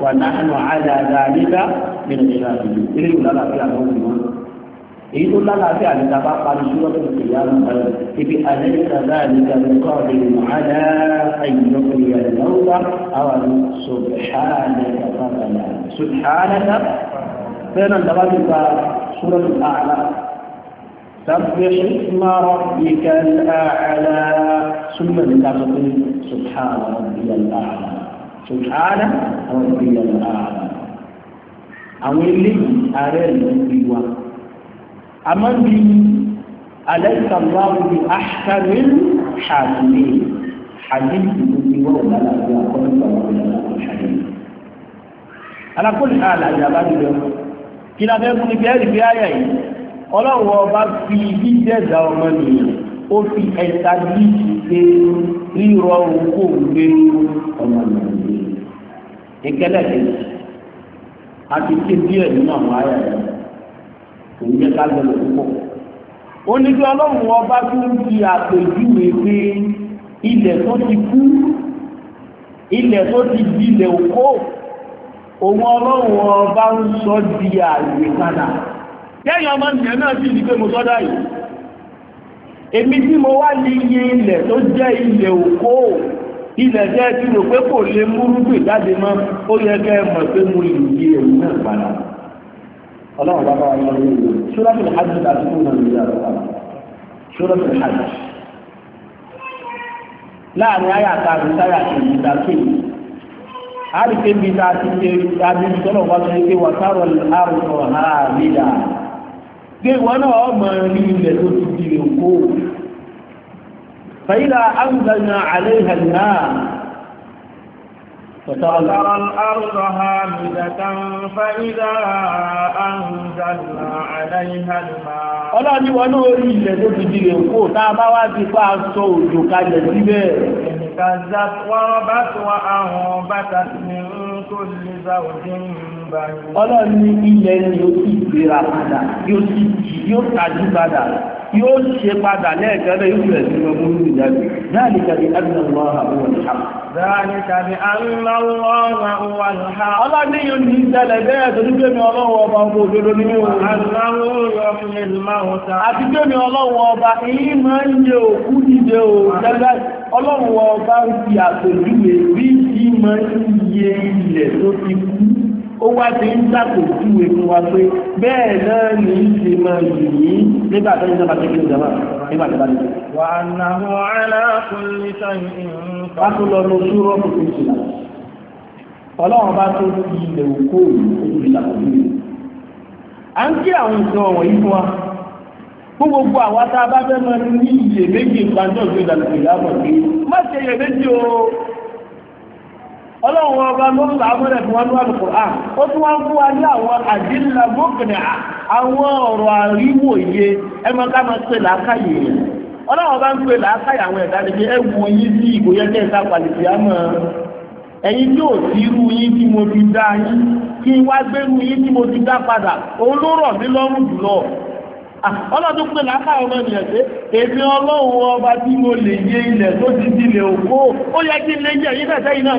wà náà àlàáfíà nígbà nínú ìlànà ìlú eré ìlú lálàáfíà lọ́wọ́ èyí tó lálàáfíà àti tàbá parí ṣúlọ́dún ìyá ọ̀rẹ́ ibi alẹ́ ìtàbá àníkà ní kọ́ọ̀dì ìmọ̀hálà àyìnlọ́pọ̀ ìyàlọ́wà àwọn subhanaka fàbàlà subhanaka fẹ́ràn tàbá ti pa ṣúlọ́dún àlà سبح اسم ربك الأعلى ثم تقول سبحان ربي الأعلى سبحان ربي الأعلى أو اللي أرى الوقت àmọ́ bí alẹ́sàláwò bí aṣáré ṣàlùmí àdéhùn tó ti wọ́n wà láti àkọ́nùgbà wọn lọ́wọ́ ṣàlùmí. alákòlù náà làjà bá ti lọ kí ni abẹ́ fún mi bẹ́ẹ̀ rí bí àyà yìí ọlọ́wọ́ ọba fi jíjẹ́dá ọmọ nìyẹn ó fi ẹ̀ta bíjì pé rírọ owó gbé ọmọ nìyẹn. ìkẹlẹ̀ kejì àti ké díẹ̀ nínú àwọn àyà yìí kò ní yẹ ká lọlọ púpọ̀. onígbé ọlọ́run ọba tó ń fi àpèjúwe pé ilẹ̀ tó ti kú ilẹ̀ tó ti di ilẹ̀ òkó òun ọlọ́run ọba ń sọ di àyè padà. kẹ́yìn ọmọ nìyẹn náà sì di pé mo sọ́dọ̀ yìí. èmi tí mo wá lè yẹ ilẹ̀ tó jẹ́ ilẹ̀ òkó ilẹ̀ jẹ́ kí ló pé kò lè múrúgbìn jáde mọ́ ó yẹ kẹ́ ẹ mọ̀ pé mo lè yí ẹ̀rù náà padà ọlọ́run bá bá wa yọ ní ìlú ṣúrọ́tì hajj láti fún ìlànà ìlú àrùkà ṣúrọ́tì hajj láàrin ayé àtàrí sáyà àti ìgbà kéwì àríkè bíi tá a ti ṣe abíyí tọ́lọ̀ wá sí pé wà sáró àrùkọ àríyá gbé ìwọ náà ọmọ rí ilẹ̀ tó ti di èkó fàyílà àǹzànà àlẹ́ ìhàlẹ́ náà. وترى الأرض هامدة فإذا أنزلنا عليها الماء ọlọ́ni wọn náà rí ilẹ̀ tó ti di èkó tá a bá wá ti fa aṣọ òjò kalẹ̀ síbẹ̀. ìkàzà wọ́n bá tó àwọn bàtà ní kó lè bá òjò ń bá yìí. ọlọ́ni ilẹ̀ ni ó sì gbéra padà yóò sì yóò tajú padà. yóò ṣe padà lẹ́ẹ̀kan náà yóò bẹ̀rẹ̀ sí ọmọ burúkú láàrin kàbí aláwọ̀ àwọn ọ̀nà. láàrin kàbí aláwọ̀ àwọn ọ̀nà. ọlọ́dún yóò ní ìṣẹ̀lẹ̀ bẹ́ẹ̀ torí pé mi ọlọ́wọ́ ọba ọkọ̀ òdodo ní òun. aláwọ̀ yóò àti ọlọ́wọ́ ọba ọba ó wá ti ń dàpòjúwe fún wa pé bẹ́ẹ̀ náà ní í ṣe máa yìí yìí nígbà tó ń sábà tó kí n jàmá nígbà tó bá lè. wà á nà mọ́ aláàkúnlé sáyìn ìrún. wá tó lọ lọ sí rọ́ọ̀mù tó ń ṣe ọlọ́run bá tó fi ilẹ̀ òkú òkú ìlàkùnrin. à ń kí àwọn nǹkan wọ̀nyí fún wa. fún gbogbo àwa tá a bá fẹ́ máa ní iyèméjì ìpàdé ọlọ́run ọba ló ń sàmúlẹ̀ fún wọn ní al ó tún wá ń fún wa ní àwọn àdínlá mọ́kànlá àwọn ọ̀rọ̀ àríwò iye ẹ máa ká máa pè láàkàyè ọlọ́run ọba ń pè láàkàyè àwọn ẹ̀dá ni pé ẹ sí àmọ́ ẹ̀yin tí ò sí irú yín tí mo ti dá yín kí wá Ah, ọlọ́dún pé láká ọmọ ènìyàn pé èmi ọlọ́run ọba tí mo lè yé ilẹ̀ tó ti di ilẹ̀ òkú ó yẹ kí n yẹ yín bẹ̀tẹ̀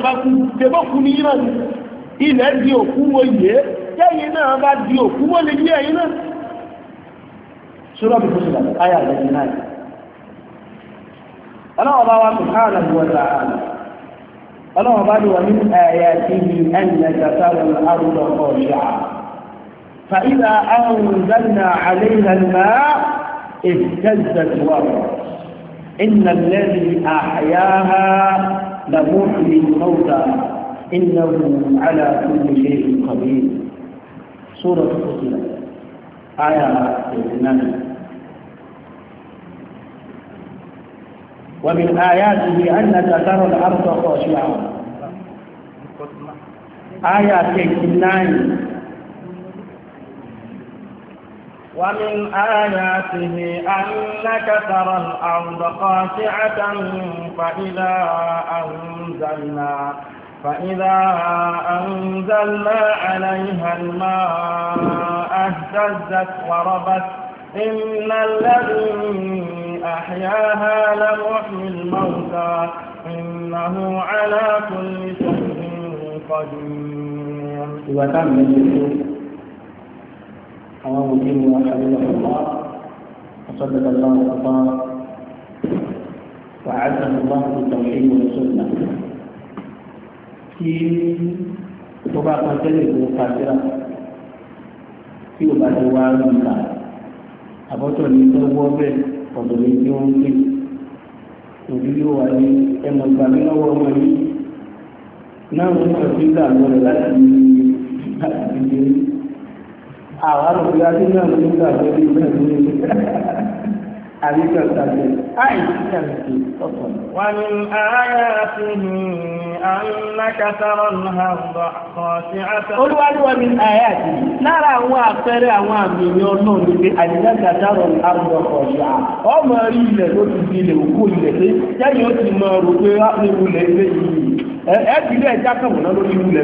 bá kú kú ní ilẹ̀ di òkú wo yé tẹ́yìn bá di òkú wo lè yé ẹ̀yìn náà. sọ́dọ̀ bí kò lẹ́yìn náà. bá wa kò bá ẹ̀yà tí فإذا أنزلنا عليها الماء اهتزت ورقت إن الذي أحياها لمحيي الموتى إنه على كل شيء قدير سورة فصلة آية 8 ومن آياته أنك ترى الأرض خاشعة آية 9 ومن آياته أنك ترى الأرض خاشعة فإذا أنزلنا فإذا أنزلنا عليها الماء اهتزت وربت إن الذي أحياها لمحيي الموتى إنه على كل شيء قدير. àwọn òbí wa àríwá ọ̀pá وصدق الله وطاعه وعزه الله بالتوحيد والسنه tí ó bá kan tẹ́lẹ̀ tó kásíra tí ó bá ti wá rí nǹkan àbọ̀tọ̀ ní tó wọ́ bẹ́ẹ̀ ọ̀dọ̀ ní tí wọ́n ń gbé òbí yóò wá ní ẹmọ ìgbà mi lọ́wọ́ ọmọ yìí náà wọ́n sọ sí ìgbà lọ́rẹ̀ láti ní láti fi dé àwọn olùgbé adé náà ló ń gbàgbé ní ìgbà àríkà tàbí àìsíkà nìkè ọkọ. wọn ni ààyè àti ní alákàtàrọ náà bọ ọtí àtà. olúwaríwá mi ààyè àti lára àwọn àpẹẹrẹ àwọn àmì ìyẹn ọlọ́run ni pé àdìlákàtàrọ náà ọmọ rí ilẹ̀ ti di ilẹ̀ òkú ilẹ̀ pé ti mọ pé ilẹ̀ ilé yìí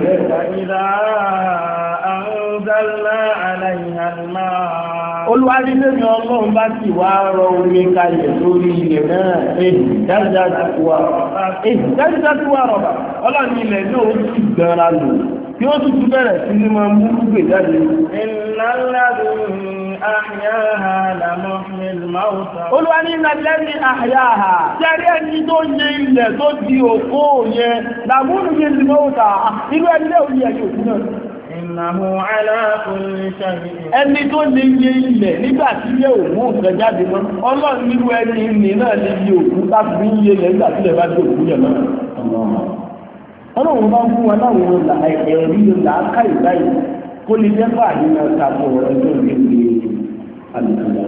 bẹ́ẹ̀. anzalna alayha al-ma'a. olùwárí lèmi ọlọ́run bá sì wá rọ omi kalẹ̀ lórí ilẹ̀ náà èyí dáadáa ti wà rọ̀bà èyí dáadáa ti wà rọ̀bà ọlọ́run ilẹ̀ yóò sì gbẹ́ra lò yóò tún tún bẹ̀rẹ̀ sí ní máa mú gbè jáde. ìnáláàbí àyàhà làmọ́ ìlmáwùsà. olúwa ní ìnáláàbí àyàhà. sẹ́rí ẹni tó yẹ ilẹ̀ tó di òkú yẹn làmúlùmí ìlmáwùsà. irú ẹni lẹ́wọ̀n yẹ kí òkú náà ẹni tó lè yẹ ilẹ̀ nígbà tí yẹ òkú nǹkan jáde mọ́ ọlọ́run nínú ẹni ìní náà lè yẹ òkú láti yẹ ilẹ̀ nígbà tí ilẹ̀ bá dé òkú yẹ mọ́. ọlọ́run bá ń fún wọn láwọn ẹ̀rí làákà ìbáyìí kó lè jẹ́ fún àdínà tàbí ọ̀rọ̀ ẹjọ́ ìgbé àlùkùnà.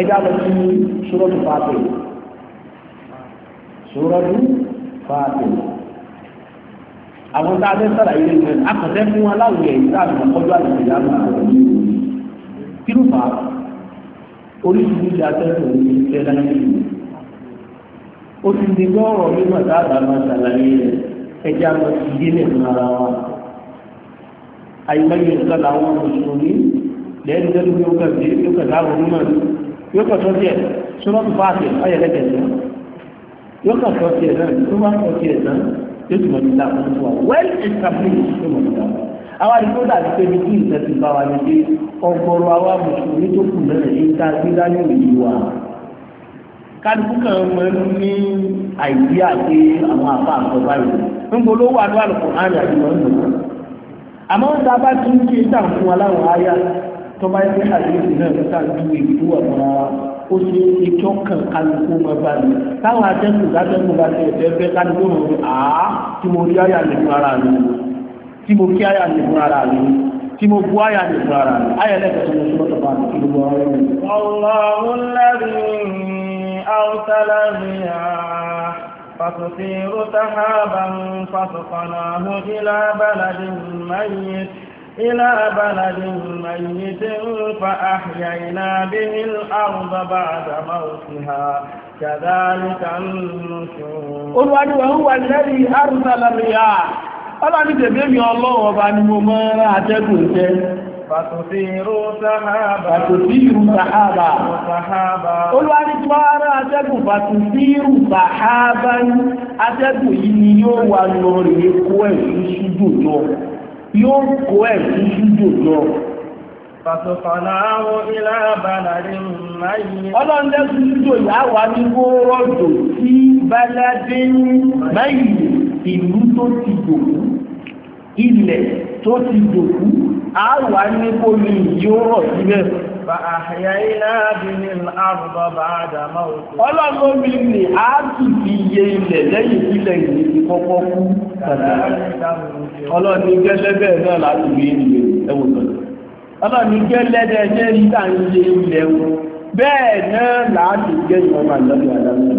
ẹja lọ sí sọ́rọ́tù fàtẹ̀ sọ́rọ́tù fàtẹ̀ àwọn tá a fẹ́ sàlàyé lẹ́nu ẹ̀ akọ̀tẹ́ fún wa láwùjọ ẹ̀yìn tá a fi ọjọ́ àtẹ̀tẹ̀ yá máa rọ̀ ní ìlú kí ló fà á oríṣiríṣi atẹ́kọ̀ọ́ ní ìfẹ́ láyé ìlú ó ti di gbọ́rọ̀ nígbà tá a bá máa sàlàyé rẹ̀ ẹjẹ́ a máa ti dé lẹ́nu ara wa àyùmáyé nǹkan làwọn mùsùlùmí lẹ́yìn tẹ́lú yóò kàn dé yóò kàn láwọn onímọ̀ yóò kàn tó díẹ̀ sọ́nà tó fà á tẹ̀ ọ yóò kà sọ tiẹ̀ náà tó bá sọ tiẹ̀ náà yóò tún mọ̀ nígbà tó ń well established tó mọ̀ nígbà àwa ni tó dàbí pé bí kí nǹkan ti bá wa ní pé ọgọ́rọ̀ àwa mùsùlùmí tó kù náà ní ká gbéra ní òyìn wa kálukú kan mọ ní àìdí àti àwọn àfa àkọ́bá yìí ń bolo wà ní àlùkò àyè àti wọn nù àmọ́ tá a bá tún ṣe dáhùn fún wa láwọn àyà tó bá yẹ kí àdéhùn náà tó tà ó ṣe é ṣe tó kàn kálukú máa bá mi táwọn atẹ́kùn dájọ́kùn bá ṣe ẹ̀fẹ́ fẹ́ kálukú mọ̀ mi àá tí mo rí àyà mi fún ara mi tí mo kí àyà mi fún ara mi tí mo bu àyà mi fún ara mi àyà lẹ́kọ̀ọ́ tó mo ṣe lọ́tọ̀ bá mi kí ló bọ́ ọlọ́run lẹ́rìn àwùsálà mi àá فتصير سحابا فسقناه إلى بلد ميت إلى بلد ميت فأحيينا به الأرض بعد موتها كذلك النشور قل وهو الذي أرسل الرياح ọlọ́run tẹ̀lé mi ọlọ́run ni mo mọ́ atẹ́gùn jẹ́. Fàtòsíirú sàhábà. Fàtòsíirú sàhábà. Olúwarí tí wọ́n rán atẹ́gùn fàtòsíirú atẹ́gùn yóò kó ẹ̀kú jújò lọ. Fàtòfàlà àwọn ilá bàlàrí máyìí. Ọlọ́ndẹ́ jújò yà wà ní gbóòrò jò sí bàlàdé máyìí ìlú tó ti jòkó. ilẹ̀ tó ti dòkú àwà ní kó ní yóò rọ̀ síbẹ̀. Fa àyà ilá bìíní àrùbọ̀ bá àdàmọ́ òkú. Ọlọ́run mi ni a tù fi yẹ ilẹ̀ lẹ́yìn sílẹ̀ ìlú ti kọ́kọ́ kú. Ọlọ́run ní gẹ́lẹ́ bẹ́ẹ̀ náà láti ilẹ̀ ẹ̀wọ̀n kan. Ọlọ́run ní gẹ́lẹ́ rí tà ń yẹ ilẹ̀ wọn. Bẹ́ẹ̀ náà láti gẹ́ ìwọ̀n máa lọ́dún àdámọ́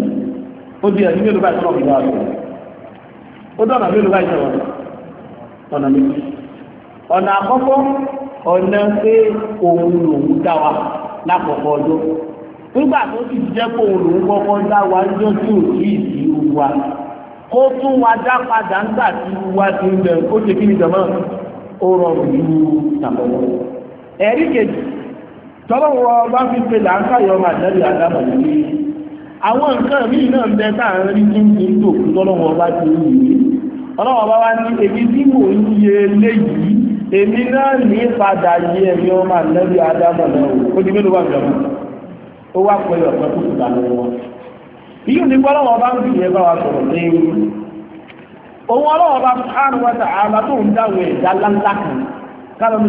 ọ̀nà méjì ọ̀nà àkọ́kọ́ ọ̀nà pé òun lòun dá wa lákọ̀ọ́kọ́ ọdún nígbà tó ti jẹ́ pé òun lòun kọ́kọ́ dá wa lọ́jọ́ tí ò tí ì sí wa kó tún wa dá padà nígbà tí wa ti ń bẹ̀rù kó ṣe kí ni jọ̀mọ́ ó rọrùn ju tàbọ̀wọ́. ẹ̀rí kejì tọ́lọ́ wọ bá fi pe làákàyọ̀ máa dẹ́rù àdámọ̀ nílé àwọn nǹkan míì náà ń bẹ táà ń rí kí n kì í tòkú tọ́lọ́ wọ bá ti ń yìí ọlọ́wọ́ bá wá ní èmi tí mò ń yẹ léyìí èmi náà ní padà yí ẹ̀mí ọmọ àlẹ́bí adámọ̀ náà ó di mélòó wà jọmọ́ ó wá pẹ̀lú ọ̀pẹ́ tó kù dànù wọn. ní pọ́ bá ń fi bá wa sọ̀rọ̀ bá tó ń dáwọ̀ ẹ̀dá láńlá kan kálọ̀ ní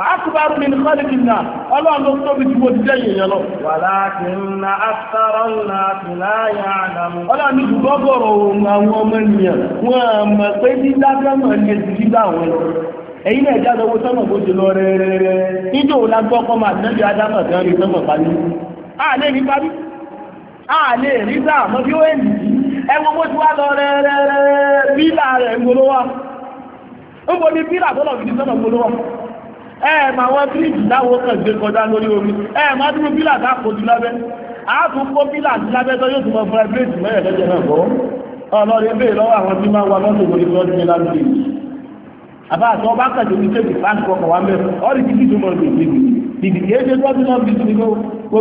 akubaru min kọ́lìkì náà ọlọ́run ló tóbi tí mo ti jẹ́ lọ. walakinna akthara an-nasi la ya'lamun. ọlọ́run ní àwọn ọmọ ènìyàn wọn pé dídá lọ. èyí náà sọ́nà bó lọ rẹ́rẹ́rẹ́ níjó la gbọ́ kọ́ máa a lè rí parí a lè rí ẹ̀ẹ̀mà wọn bíríìjì láwọn kan gbé kọjá lórí omi ẹ̀ẹ̀mà dúró bílà tá lábẹ́ àátúnkó bílà lábẹ́ tó yóò tún mọ fúnra bíríìjì mẹ́rẹ̀ lẹ́jẹ̀ náà kọ́ ọlọ́rin bèèrè lọ́wọ́ àwọn tí máa ń wa ní àbá àti ọba kàdé ní láti kọkàn wá ọ́rí ti kíjú ìdí kéde gbogbo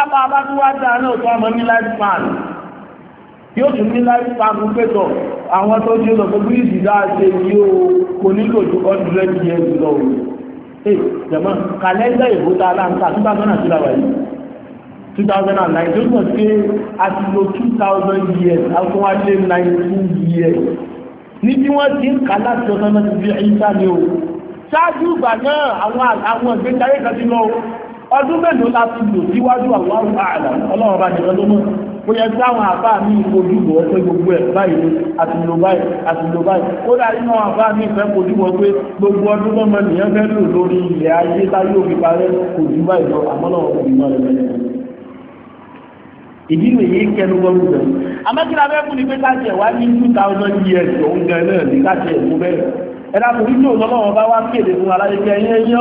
àtọwọ́ yóò tún ní láì sáàmù pẹ̀tọ̀ àwọn tó jẹ́ lọ gbogbo ìdí dáadé yìí o kò nílò ju 100 years lọ o ẹ jẹ̀mọ́ kàlẹ́ńdà ìbò tá a lá ń ta two thousand and two làwà yìí two thousand and nine tó sàn pé years nineteen years ní bí wọ́n ti ń kà láti ọ̀sán náà ti fi ẹ̀yìn sáà ni o ṣáájú ìgbà náà àwọn àwọn ìgbésí ayé kan ti lọ ọdún mélòó la ti lò síwájú àwọn àrùn àlà ọlọ́run bá nìkan ló mọ̀ kò yẹ sáwọn àbá mi ojú bọ̀ pé gbogbo ẹ̀ báyìí àti lò báyìí àti lò báyìí ó dá nínú àbá mi fẹ́ kojú bọ̀ pé gbogbo ọdún mọ́mọ́ nìyẹn fẹ́ lò lórí ilẹ̀ ayé táyé òfin parẹ́ kò jù báyìí lọ àmọ́ náà kò ní mọ́ rẹ̀ mẹ́rin ìdí nìyí kẹnu gbọ́dọ̀ bẹ amákìlá bẹ fún ni pé káàtì ẹ wá ní two thousand years òun gan náà ní káàtì ẹ fún bẹ́ẹ̀ ẹ dàpọ̀ orí tí òun lọ́wọ́ bá wá kéde fún aláyẹkẹ yẹn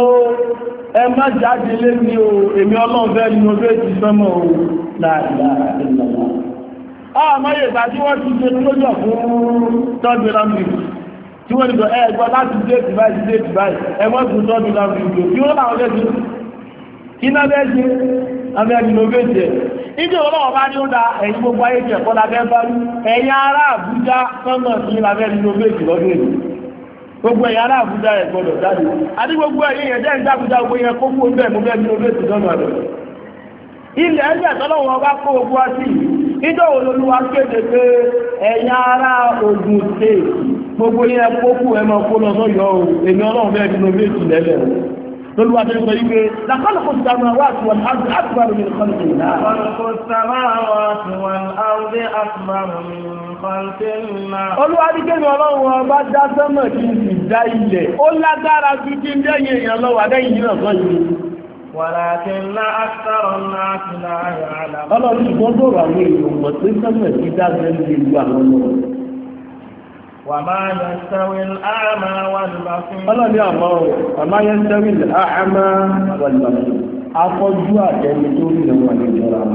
ẹ má jáde lé o èmi ọlọ́run fẹ́ ní ojú ètò sọ́mọ́ o láàrín àdínlọ́wọ́. àmọ́yè ìgbà tí wọ́n ti ṣe lójọ fún tọ́jú tí wọ́n láti dé dubai dé dubai ẹ fún wọ́n làwọn lẹ́sìn bẹ́ẹ̀ ṣe àmì bá ní ó da gbogbo ayé jẹ̀kọ́ lábẹ́ bá ará àbújá sọ́mọ̀ sí lábẹ́ lọ́dún èdè gbogbo ẹ̀yà aláàbújá rẹ̀ gbọdọ̀ jáde àti gbogbo ẹ̀yà yẹn jẹ́ ìjábújá gbogbo yẹn kó fún bẹ́ẹ̀ mo fẹ́ bí olú ètò ìjọba rẹ̀. ilẹ̀ ẹgbẹ́ tọ́lọ́wọ́n bá kó ogun ìjọ kéde pé ẹ̀yà ara ogun ṣe gbogbo yẹn kó fún ẹ máa kó lọ sọ́yọ́ o èmi ọlọ́run lórí wa tẹ́lẹ̀ sọ yí pé lakọ́lọ́kọ́ sàmà wà tí wọ́n á àtúbà lómi nǹkan tó nà. lakọ́lọ́kọ́ sàmà wà tí wọ́n á ọdẹ àtúbà lómi nǹkan tó nà. olúwa ní kéde ọlọ́run ọba dá sọ́mọ̀ kí n sì dá ilẹ̀ ó lágbára ju kí n dẹ́yìn èèyàn lọ́wọ́ adẹ́yìn yìí náà Wàlàkín ná àtàrọ̀ náà ti náà yàrá. Ọlọ́run ṣùgbọ́n bọ̀rọ̀ àwọn èèyàn mọ̀ pé sọ́mọ̀ ti dá sẹ́yìn ìlú àwọn ọmọ rẹ̀. وما يستوي الأعمى والبصير ọlọ́ni àmọ́ ò وما يستوي الأعمى والبصير afọ́jú àtẹni tó rí lè wà nínú ara wọn.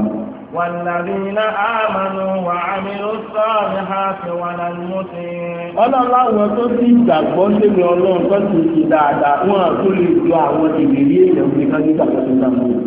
والذين آمنوا وعملوا الصالحات ولن يطيعوا. ọlọ́láwọ̀ tó ti gbàgbọ́ sínú ọlọ́run tó ti ṣe dáadáa wọn àtúnlẹ̀ ju àwọn ìrírí èèyàn fi ká nígbà tó ti sàmúlò.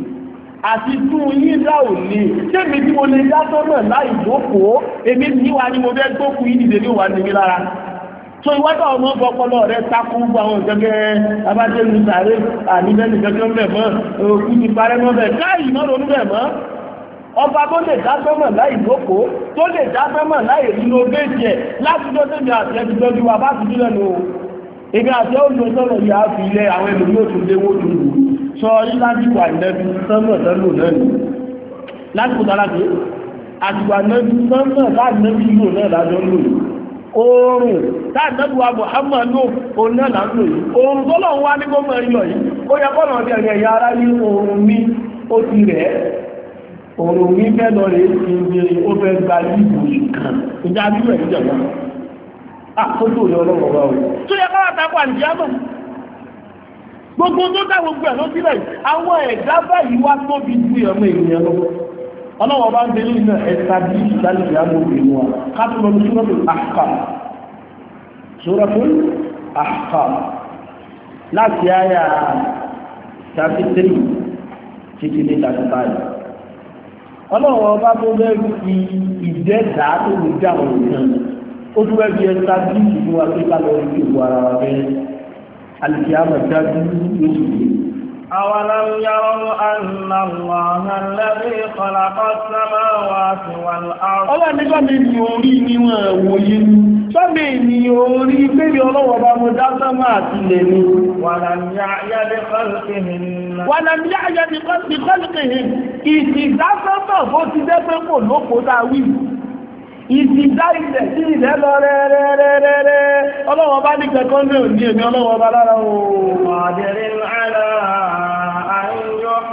àti tún yín dá ò lè kémi tí mo lè dá sọ́nà láì jókòó èmi níwá ni mo fẹ́ gbókùn yín dìde níwá ni mi lára so ìwádà ọmọ ọpọlọ rẹ takú gbogbo àwọn ìjọgẹ abájẹnu sàré àníbẹni gẹ́gẹ́ ń bẹ mọ òkú ti parẹ mọ bẹ káàyè mọ ronú bẹ mọ ọba tó lè dá sọmọ láì lóko tó lè dá sọmọ láì nínú béèjì ẹ láti tó tẹbi àti ẹbí lọdún wa bá ti dúró lẹnu o èmi àti ẹ ò lọ sọ̀rọ̀ yìí àfi ilẹ̀ àwọn ẹlòmíràn tó léwó lùlù sọ lásìkò ànẹ́bí sọ́nà tẹ́lò náà ni lásìkò tó aláàbí àsìkò ànẹ́bí sọ́nà láàbí lò náà lájọ́ ń lò yìí oòrùn táàbí wa Muhammad ló òun náà là ń lò yìí oòrùn tó lọ́wọ́ wá ní kó mọ ẹyọ yìí ó yẹ kọ́nà ọ̀dẹ ẹ̀yẹ ẹ̀yà ara ní oòrùn mi ó ti rẹ̀ oòrùn mi fẹ́ lọ ti ń ó fẹ́ gba ìbò yìí kan ìjà ah, o gbogbo tó dá gbogbo ẹ̀ ló sílẹ̀ àwọn ẹ̀dá báyìí wá tóbi ju ọmọ ènìyàn lọ ọlọ́wọ́ bá ń bẹ lórí náà ẹ̀ka bí ìdálẹ̀ ìyá ló fi mú wa ká tó lọ ní Suratul Ahqaf Suratul Ahqaf láti àyà thirty three títí dé thirty five ọlọ́wọ́ bá tó bẹ́ẹ̀ fi ìdẹ́ta tó lè dá àwọn ènìyàn ó tún bẹ́ẹ̀ fi ẹ̀ka bí ìdúró wa pé lọ rí ìwọ ara wa alìkíyàmọ̀ dájú lóṣù yìí. أولم يروا أن الله الذي خلق السماوات والأرض Ọlọ́run ní sọ́mi ni orí ni wọ́n wòye ni. Sọ́mi ni orí pébi ọlọ́wọ́ bá mo dá sọ́mọ́ àti ilẹ̀ ni. ولم يعي بخلقهن. ولم يعي بخلقهن. Ìtìdásọ́mọ̀ bó ti dẹ́pẹ́ kò lóko dáa wí ìdìdá ilẹ̀ sí ilẹ̀ lọ rẹ́rẹ́rẹ́rẹ́ ọlọ́wọ́ bá ní kẹ́kọ́ ní òní èmi ọlọ́wọ́ bá lára ooo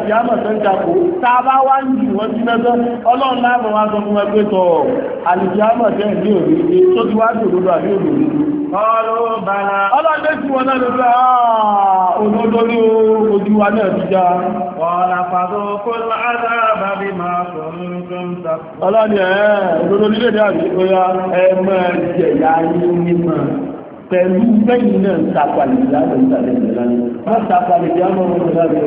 àlùkí àmọ̀ tó ń takò tá a bá wá ń jù wọ́n sí lọ́sọ́ ọlọ́run láàbọ̀ wá sọ fún wa pé tọ̀ àlùkí àmọ̀ tẹ̀ ní òní ní tó ti wá sí wa náà ti já. ọlọ́run ẹ̀ òdodo nílé dàbí ọ̀yà ẹ̀ máa jẹ̀yà yín mímọ́ pẹ̀lú bẹ́yìn náà ń tapalẹ̀ ìlànà ìtàlẹ̀ ìlànà wọ́n tapalẹ̀ ìlànà ọmọ ìlànà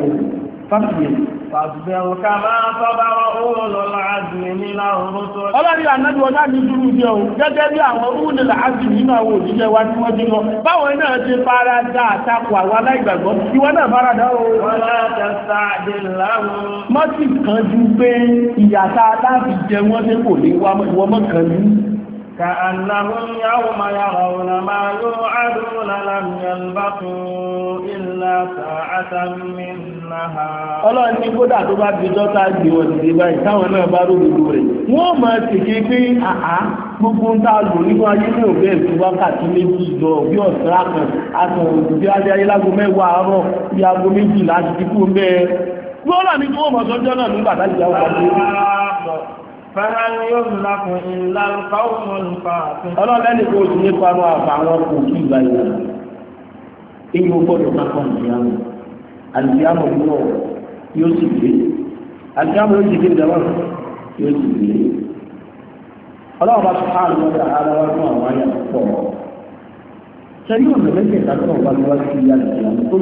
Ọlọ́rin ànájú ọjá ní dúró jẹ́ o, gẹ́gẹ́ bí àwọn orílẹ̀ àti nínú àwọn òṣìṣẹ́ wa tí wọ́n jí lọ. Báwọn náà ti fara dá àtakò àwọn aláìgbàgbọ́, ìwọ náà fara dá o. Mọ́tì kan ju pé ìyàtà كأنهم يوم يرون ما يوعدون لم يلبثوا إلا ساعة من نهار ọlọ́run ní kódà tó bá fi dọ́ta gbé wọn dìde báyìí táwọn náà bá rò lòlò gbogbo ń tá ayé ní òbẹ́ ètò wákàtí méjì lọ bí ọ̀sán àkàn àtàn òjò bí adé ayé lágbo mẹ́wàá àárọ̀ bí aago méjìlá ti kú mẹ́ẹ̀. lọ́la ni kí wọ́n mọ̀ sọ́jọ́ náà nígbà tá fẹ́ràn yóò lakùn ìlànà káwọn nǹkan àti. ọlọ́lẹ́ni kò sí nípa àwọn àfàwọn kò kí ìgbà yìí èyí ò gbọ́dọ̀ máa kọ́ àlùfíàmù àlùfíàmù yóò yóò sì gbé àlùfíàmù yóò sì gbé ìdáwọ́ yóò sì gbé. ọlọ́run bá sọ fún àlùfáà lọ́dọ̀ ara wa fún àwọn àyà pọ̀ sẹ́yìn ọ̀nà mẹ́tẹ̀ẹ̀ta tó wà lọ́wọ́ sí àlùfíàmù tó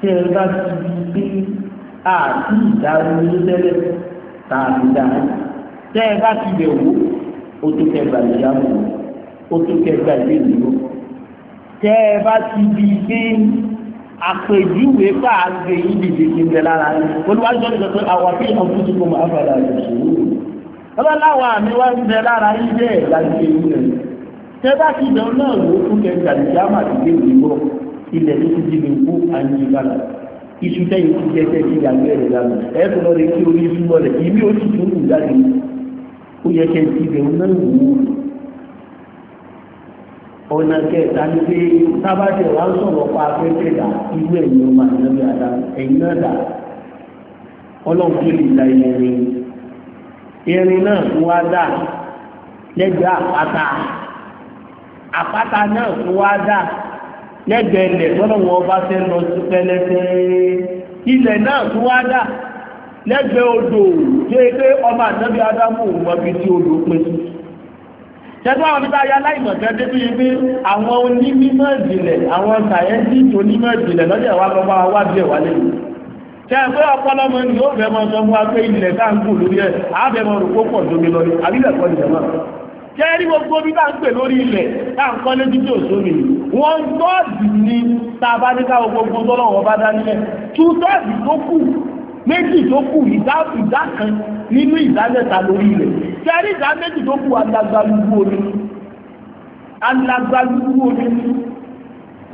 tí ẹ bá ti di pé àti ìdáwó tẹ́lẹ̀ tààrí dáa tẹ́ ẹ bá ti bẹ̀ wò ó tó kẹgbà ìyàwó ó tó kẹgbà ìdílé tẹ́ ẹ bá ti di pé àpèjúwe bá a gbé yín dìde kí n bẹ lára rẹ olùwájú ọdún sọ pé àwọn àti ọdún tó kọ máa fara rẹ sòwò ọba láwọn àmì wá ń bẹ lára yín bẹ́ẹ̀ láti ṣe ìwé rẹ tẹ́ bá ti dán náà wò tó kẹgbà ìyàwó àti ìdílé ilẹ̀ tó ti di mi kú àyè ìbára iṣu tẹ́yìn ti jẹ́ tẹ́ ti yàgbé rẹ̀ lánà ẹ̀ẹ́dùn lọ́ọ́ rẹ̀ kí orí iṣu mọ́ rẹ̀ ìmí ó sì tún kù jáde ó yẹ kẹ́ ti bẹ̀rù náà wù ú. ọ̀nà kẹta ni pé tábàtẹ̀ wà ń sọ̀rọ̀ pa afẹ́fẹ́ dà irú ẹ̀yìn ọmọ ànábì àdá ẹ̀yìn náà dà ọlọ́run kí lè da irin irin náà fún wa dà lẹ́gbẹ̀ẹ́ àpáta àpáta náà fún wa dà lẹ́gbẹ̀ẹ́ ilẹ̀ tọ́nà wọn bá fẹ́ lọ sí pẹ́lẹ́tẹ́ ilẹ̀ náà tún wá dà lẹ́gbẹ̀ẹ́ odò ṣe pé ọmọ àtẹ́bí ádámù mọ̀bí tí odò pín sí. ṣẹ́gbẹ́ àwọn nípa ayé aláìmọ̀tẹ́ dé bí pé àwọn onímọ̀ ìjìnlẹ̀ àwọn sàyẹ́ntìtì onímọ̀ ìjìnlẹ̀ lọ́dẹ̀ wa lọ́wọ́ wá bí ẹ̀ wá lẹ́yìn. ṣe pé ọpọlọ mọ ni ó fẹ́ mọ sọ fún wa pé ilẹ̀ táà ń kù lórí ẹ̀ àbẹ̀mọ̀ rò kó pọ̀ jẹ́rí gbogbo bí bá ń pè lórí ilẹ̀ tá à ń kọ́ lójú tí ò sómi wọ́n ń tọ́ọ̀dì ní tá a bá ní káwọn gbogbo tó lọ́wọ́ bá dá nílẹ̀ tú tọ́ọ̀dì tó kù méjì tó kù ìdá ìdá kan nínú ìdá mẹ́ta lórí ilẹ̀ jẹ́rí ìdá méjì tó kù alágbálúgbú omi alágbálúgbú omi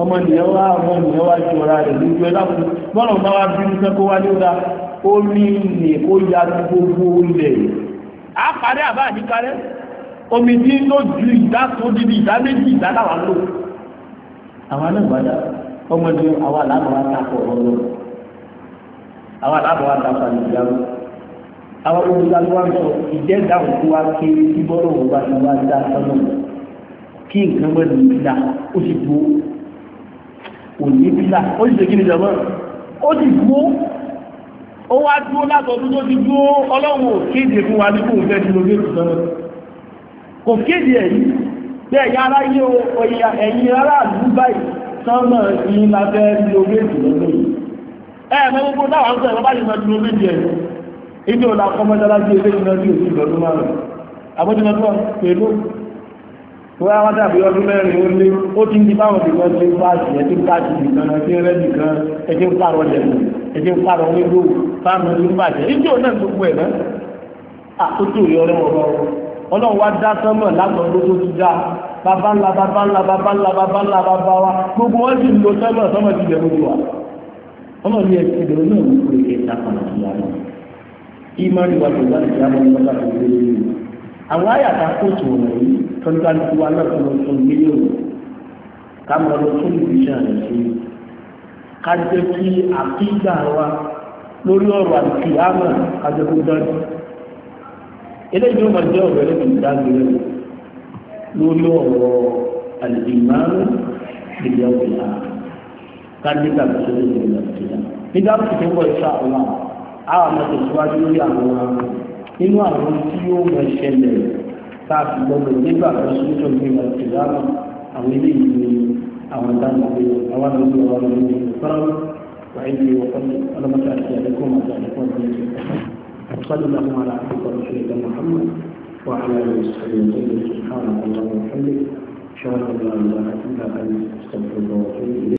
ọmọ nìyẹn wá ọmọ nìyẹn wá jọra rẹ̀ lójú ẹ lápò bọ́lá ọmọ wa bí nípa kó wá lóra ó ní ní kó ya gbogbo ilẹ̀ àpárẹ̀ àbá àdíkárẹ̀ omi tí ló ju ìdá tó dídí ìdá méjì ìdá làwọn lò àwọn náà gbàdá ọmọdé àwọn àlámọ wa ta kọ ọlọ àwọn àlámọ wa ta kọ àlùjá lọ àwọn olùdarí wa sọ ìjẹ dáhùn tó wa kéré tí bọ́lọ̀ wọn bá ti wá dá sọ́nà kí nǹkan mọ́ ní pílà ó sì gbó òní pílà ó sì ṣe kí ni jọmọ́ ó sì gbó ó wá dúró látọ̀dún tó ti dúró ọlọ́run ò kéde fún wa ní kóun fẹ́ ti lo bí ètò sọ́nà kò kéde ẹ̀yí pé ẹ̀yà ara yé o ọ̀yà ẹ̀yìn ara àdúgbò báyìí sánmà ní lábẹ́ lo méjì lọ́dún yìí ẹ ẹ̀ mẹ́rin kó dáwà ń sọ ìwọ́n bá yìí máa lo méjì ẹ̀yìn ibi ò làkọ́ mọ́sálásí eléyìí náà ní òsì lọ́dún márùn àbójútó náà pẹ̀lú wọ́n á wá dàbí ọdún mẹ́rin ó lé ó ti ń di báwọn nìkan ṣe ń fáàsì ẹ ti ń káàdì nìkan ẹ ti ń rẹ́ nìkan ẹ ti ń pààrọ̀ lẹ́nu ẹ ọlọ́run wá dá sánmọ̀ látọ̀ ló tó ti dá bàbá ńlá bàbá ńlá bàbá ńlá bàbá ńlá bàbá wa gbogbo wọn sì lo sánmọ̀ sánmọ̀ ti dẹ̀ gbogbo wa ọlọ́run yẹ ti dẹ̀ náà wọ́n pè é dákan àti ìyàwó ìmọ̀ ìwà tó bá ti dábọ̀ nípa tó lé lórí àwọn àyàtà kóòtù wọn yìí tọ́jú àti wa náà tó lọ sọ mílíọ̀nù ká mọ lọ tó lùbí sàn sí ká jẹ́ kí àkígbà wa lórí ọ̀rọ̀ àti àmọ̀ ká jẹ́ kó dájú eléyìí ó máa jẹ́ ọ̀rọ̀ ẹlẹ́gbẹ̀ẹ́ ìdágbére lórí ọ̀rọ̀ àlìmáàrú ìdíyà òkèlà kájíkà tó ṣe lè lè lọ́kìlá. nígbà tó ti wọ iṣẹ́ àwọn àwọn ọmọ tẹ̀síwájú lórí àwọn nínú àwọn tí ó mọ ìṣẹ̀lẹ̀ tá a fi gbọ́dọ̀ nígbà tó ṣe lè lè lọ́kìlá àwọn eléyìí ni àwọn dáná pé àwọn àdúgbò àwọn ọmọ ìlú fẹ́ràn wáyé ni wọ́n fẹ́ ọlọ́mọ صلى الله على عبدك ورسولك محمد وعلى اله وصحبه وسلم سبحانك اللهم وبحمدك اشهد ان لا اله الا انت استغفرك واتوب اليك